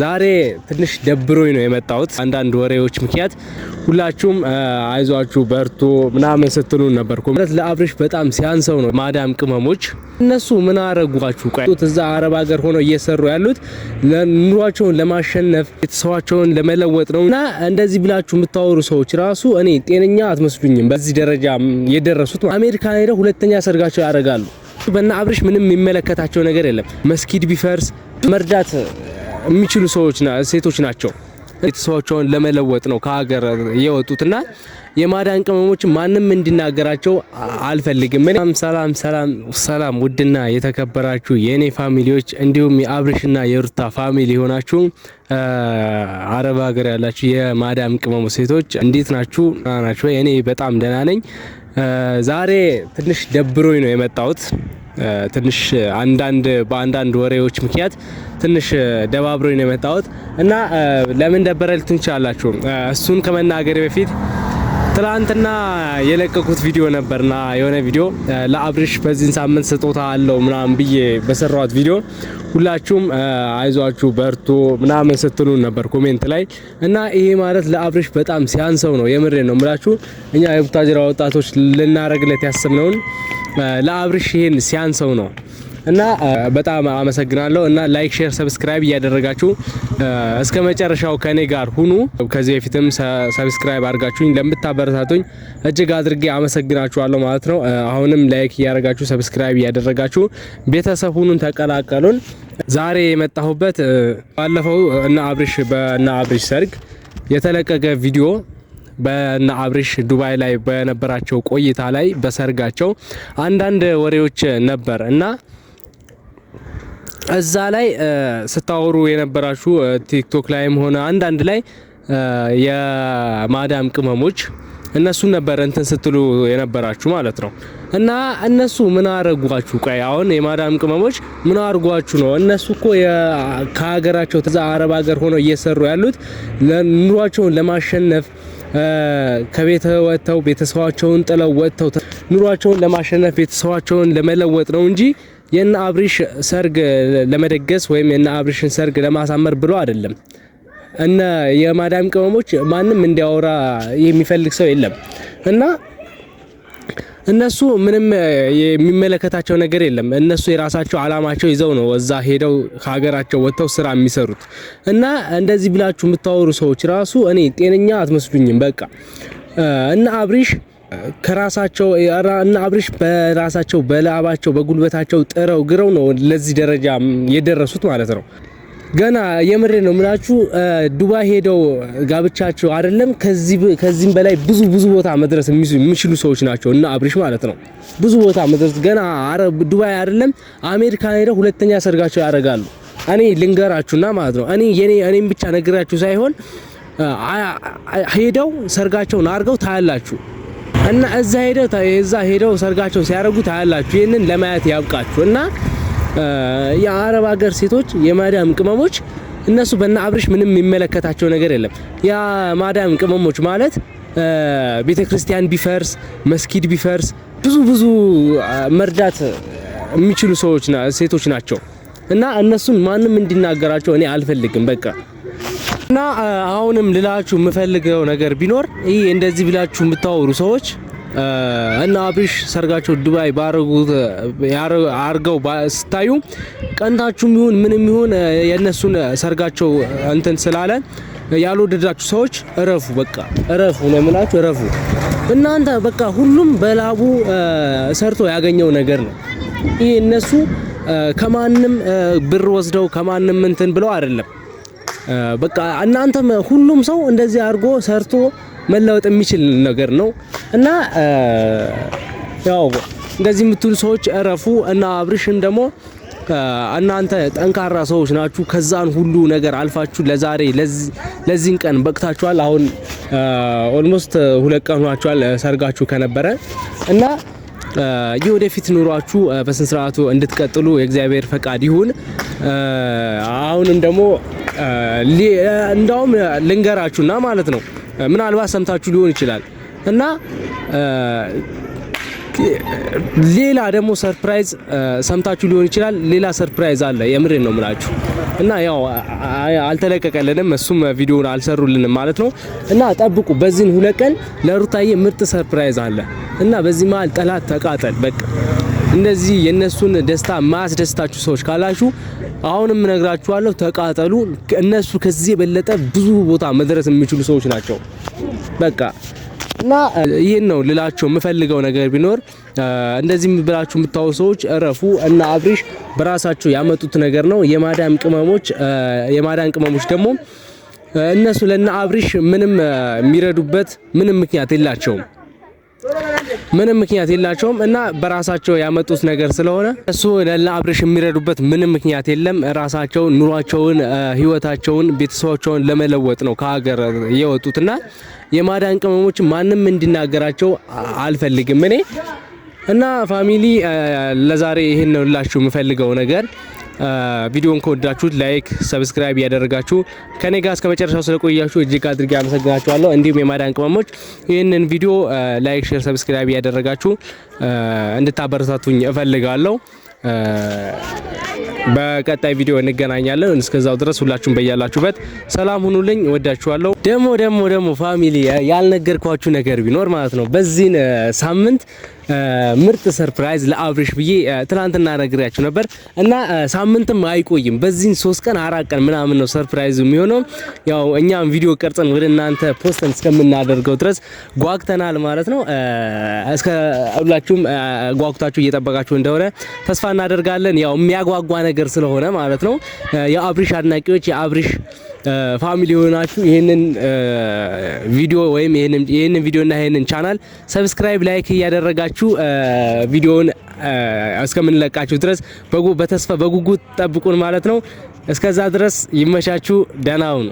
ዛሬ ትንሽ ደብሮኝ ነው የመጣሁት። አንዳንድ ወሬዎች ምክንያት ሁላችሁም አይዟችሁ በርቶ ምናምን ስትሉ ነበርኩ። ማለት ለአብርሽ በጣም ሲያንሰው ነው። ማዳም ቅመሞች እነሱ ምን አረጓችሁ? ቆይ እዛ አረብ ሀገር ሆነው እየሰሩ ያሉት ኑሯቸውን ለማሸነፍ ቤተሰባቸውን ለመለወጥ ነው እና እንደዚህ ብላችሁ የምታወሩ ሰዎች ራሱ እኔ ጤነኛ አትመስሉኝም። በዚህ ደረጃ የደረሱት አሜሪካ ሄደው ሁለተኛ ሰርጋቸው ያደርጋሉ። በና አብርሽ ምንም የሚመለከታቸው ነገር የለም። መስጊድ ቢፈርስ መርዳት የሚችሉ ሰዎች ሴቶች ናቸው። ቤተሰባቸውን ለመለወጥ ነው ከሀገር የወጡትና የማዳን ቅመሞች ማንም እንዲናገራቸው አልፈልግም። እኔ ሰላም ሰላም ሰላም፣ ውድና የተከበራችሁ የእኔ ፋሚሊዎች እንዲሁም የአብርሽና የሩታ ፋሚሊ የሆናችሁ አረብ ሀገር ያላችሁ የማዳም ቅመሙ ሴቶች እንዴት ናችሁ? ናችሁ? እኔ በጣም ደህና ነኝ። ዛሬ ትንሽ ደብሮኝ ነው የመጣሁት ትንሽ አንዳንድ በአንዳንድ ወሬዎች ምክንያት ትንሽ ደባብሮ ነው የመጣሁት እና ለምን ደበረ ልትሆን ትችላላችሁ። እሱን ከመናገር በፊት ትላንትና የለቀቁት ቪዲዮ ነበርና የሆነ ቪዲዮ ለአብርሽ በዚህን ሳምንት ስጦታ አለው ምናምን ብዬ በሰራሁት ቪዲዮ ሁላችሁም አይዟችሁ በርቶ ምናምን ስትሉ ነበር ኮሜንት ላይ እና ይሄ ማለት ለአብርሽ በጣም ሲያንሰው ነው። የምሬ ነው ምላችሁ እኛ የቡታጅራ ወጣቶች ልናረግለት ያስብነውን ለአብርሽ ይሄን ሲያንሰው ነው። እና በጣም አመሰግናለሁ። እና ላይክ፣ ሼር፣ ሰብስክራይብ እያደረጋችሁ እስከ መጨረሻው ከኔ ጋር ሁኑ። ከዚህ በፊትም ሰብስክራይብ አድርጋችሁኝ ለምታበረታቱኝ እጅግ አድርጌ አመሰግናችኋለሁ ማለት ነው። አሁንም ላይክ እያደረጋችሁ ሰብስክራይብ እያደረጋችሁ ቤተሰብ ሁኑን፣ ተቀላቀሉን። ዛሬ የመጣሁበት ባለፈው እና አብርሽ በእና አብርሽ ሰርግ የተለቀቀ ቪዲዮ በነ አብርሽ ዱባይ ላይ በነበራቸው ቆይታ ላይ በሰርጋቸው አንዳንድ ወሬዎች ነበር እና እዛ ላይ ስታወሩ የነበራችሁ ቲክቶክ ላይም ሆነ አንዳንድ ላይ የማዳም ቅመሞች እነሱ ነበር እንትን ስትሉ የነበራችሁ ማለት ነው። እና እነሱ ምን አረጓችሁ? ቀይ አሁን የማዳም ቅመሞች ምን አርጓችሁ ነው? እነሱ እኮ ከሀገራቸው ተዛ አረብ ሀገር ሆነው እየሰሩ ያሉት ኑሯቸውን ለማሸነፍ ከቤተ ወጥተው ቤተሰባቸውን ጥለው ወጥተው ኑሯቸውን ለማሸነፍ ቤተሰባቸውን ለመለወጥ ነው እንጂ የነ አብሪሽ ሰርግ ለመደገስ ወይም የነ አብሪሽን ሰርግ ለማሳመር ብሎ አይደለም። እነ የማዳም ቅመሞች ማንም እንዲያወራ የሚፈልግ ሰው የለም እና እነሱ ምንም የሚመለከታቸው ነገር የለም። እነሱ የራሳቸው አላማቸው ይዘው ነው እዛ ሄደው ከሀገራቸው ወጥተው ስራ የሚሰሩት እና እንደዚህ ብላችሁ የምታወሩ ሰዎች ራሱ እኔ ጤነኛ አትመስሉኝም። በቃ እና አብሪሽ ከራሳቸው እና አብሪሽ በራሳቸው በላባቸው በጉልበታቸው ጥረው ግረው ነው ለዚህ ደረጃ የደረሱት ማለት ነው። ገና የምሬ ነው ምላችሁ ዱባይ ሄደው ጋብቻቸው አይደለም ከዚህም በላይ ብዙ ብዙ ቦታ መድረስ የሚችሉ ሰዎች ናቸው። እና አብሪሽ ማለት ነው ብዙ ቦታ መድረስ ገና ዱባይ አይደለም አሜሪካ ሄደው ሁለተኛ ሰርጋቸው ያደርጋሉ። እኔ ልንገራችሁና ማለት ነው እኔ የኔ እኔም ብቻ ነግራችሁ ሳይሆን ሄደው ሰርጋቸውን አድርገው ታያላችሁ። እና እዛ ሄደው እዛ ሄደው ሰርጋቸውን ሲያደርጉ ታያላችሁ። ይህንን ለማየት ያብቃችሁ እና የአረብ ሀገር ሴቶች የማዳም ቅመሞች እነሱ በእነ አብርሽ ምንም የሚመለከታቸው ነገር የለም። የማዳም ቅመሞች ማለት ቤተ ክርስቲያን ቢፈርስ መስጊድ ቢፈርስ ብዙ ብዙ መርዳት የሚችሉ ሰዎች ሴቶች ናቸው እና እነሱን ማንም እንዲናገራቸው እኔ አልፈልግም። በቃ እና አሁንም ልላችሁ የምፈልገው ነገር ቢኖር ይህ እንደዚህ ብላችሁ የምታወሩ ሰዎች እና አብሽ ሰርጋቸው ዱባይ ባረጉት አርገው ስታዩ ቀንታችሁ ይሁን ምንም ይሁን የነሱን ሰርጋቸው እንትን ስላለ ያልወደዳችሁ ሰዎች እረፉ፣ በቃ እረፉ ነው የምላችሁ። እረፉ እናንተ በቃ ሁሉም በላቡ ሰርቶ ያገኘው ነገር ነው። ይህ እነሱ ከማንም ብር ወስደው ከማንም እንትን ብለው አይደለም። በቃ እናንተም ሁሉም ሰው እንደዚህ አድርጎ ሰርቶ መለወጥ የሚችል ነገር ነው እና ያው እንደዚህ የምትሉ ሰዎች እረፉ እና አብርሽን ደግሞ እናንተ ጠንካራ ሰዎች ናችሁ። ከዛን ሁሉ ነገር አልፋችሁ ለዛሬ ለዚህን ቀን በቅታችኋል። አሁን ኦልሞስት ሁለት ቀን ሆናችኋል ሰርጋችሁ ከነበረ እና የወደፊት ኑሯችሁ በስነ ስርዓቱ እንድትቀጥሉ የእግዚአብሔር ፈቃድ ይሁን። አሁንም ደግሞ እንዳውም ልንገራችሁና ማለት ነው ምናልባት ሰምታችሁ ሊሆን ይችላል እና ሌላ ደግሞ ሰርፕራይዝ ሰምታችሁ ሊሆን ይችላል። ሌላ ሰርፕራይዝ አለ። የምሬን ነው ምላችሁ እና ያው አልተለቀቀልንም፣ እሱም ቪዲዮን አልሰሩልንም ማለት ነው እና ጠብቁ። በዚህን ሁለት ቀን ለሩታዬ ምርጥ ሰርፕራይዝ አለ እና በዚህ መሀል ጠላት ተቃጠል። በቃ እንደዚህ የነሱን ደስታ ማያስደስታችሁ ሰዎች ካላችሁ አሁንም እነግራችኋለሁ፣ ተቃጠሉ። እነሱ ከዚህ የበለጠ ብዙ ቦታ መድረስ የሚችሉ ሰዎች ናቸው። በቃ እና ይህን ነው ልላቸው የምፈልገው ነገር ቢኖር እንደዚህ ብላችሁ የምታወሩ ሰዎች እረፉ። እና አብሪሽ በራሳቸው ያመጡት ነገር ነው። የማዳም ቅመሞች የማዳም ቅመሞች ደግሞ እነሱ ለና አብሪሽ ምንም የሚረዱበት ምንም ምክንያት የላቸውም። ምንም ምክንያት የላቸውም እና በራሳቸው ያመጡት ነገር ስለሆነ እሱ ለእነ የሚረዱበት ምንም ምክንያት የለም። ራሳቸው ኑሯቸውን፣ ህይወታቸውን፣ ቤተሰባቸውን ለመለወጥ ነው ከሀገር የወጡትና የማዳን ቅመሞች ማንም እንዲናገራቸው አልፈልግም እኔ እና ፋሚሊ ለዛሬ ይህን ነው ላችሁ የምፈልገው ነገር ቪዲዮን ከወዳችሁት ላይክ፣ ሰብስክራይብ እያደረጋችሁ ከኔ ጋር እስከ መጨረሻው ስለቆያችሁ እጅግ አድርጌ አመሰግናችኋለሁ። እንዲሁም የማዳን ቅመሞች ይህንን ቪዲዮ ላይክ፣ ሼር፣ ሰብስክራይብ እያደረጋችሁ እንድታበረታቱኝ እፈልጋለሁ። በቀጣይ ቪዲዮ እንገናኛለን። እስከዛው ድረስ ሁላችሁም በያላችሁበት ሰላም ሁኑልኝ። ወዳችኋለሁ። ደግሞ ደግሞ ደግሞ ፋሚሊ ያልነገርኳችሁ ነገር ቢኖር ማለት ነው በዚህ ሳምንት ምርጥ ሰርፕራይዝ ለአብሬሽ ብዬ ትናንትና ነግሬያችሁ ነበር እና ሳምንትም አይቆይም። በዚህን ሶስት ቀን አራት ቀን ምናምን ነው ሰርፕራይዝ የሚሆነው። ያው እኛም ቪዲዮ ቀርጸን ወደ እናንተ ፖስተን እስከምናደርገው ድረስ ጓግተናል ማለት ነው። እስከ ሁላችሁም ጓጉታችሁ እየጠበቃችሁ እንደሆነ ተስፋ እናደርጋለን። ያው የሚያጓጓ ነገር ነገር ስለሆነ ማለት ነው። የአብሪሽ አድናቂዎች የአብሪሽ ፋሚሊ የሆናችሁ ይህንን ቪዲዮ ወይም ይህንን ቪዲዮና ይህንን ቻናል ሰብስክራይብ፣ ላይክ እያደረጋችሁ ቪዲዮውን እስከምንለቃችሁ ድረስ በተስፋ በጉጉት ጠብቁን ማለት ነው። እስከዛ ድረስ ይመቻችሁ። ደህና ሁኑ።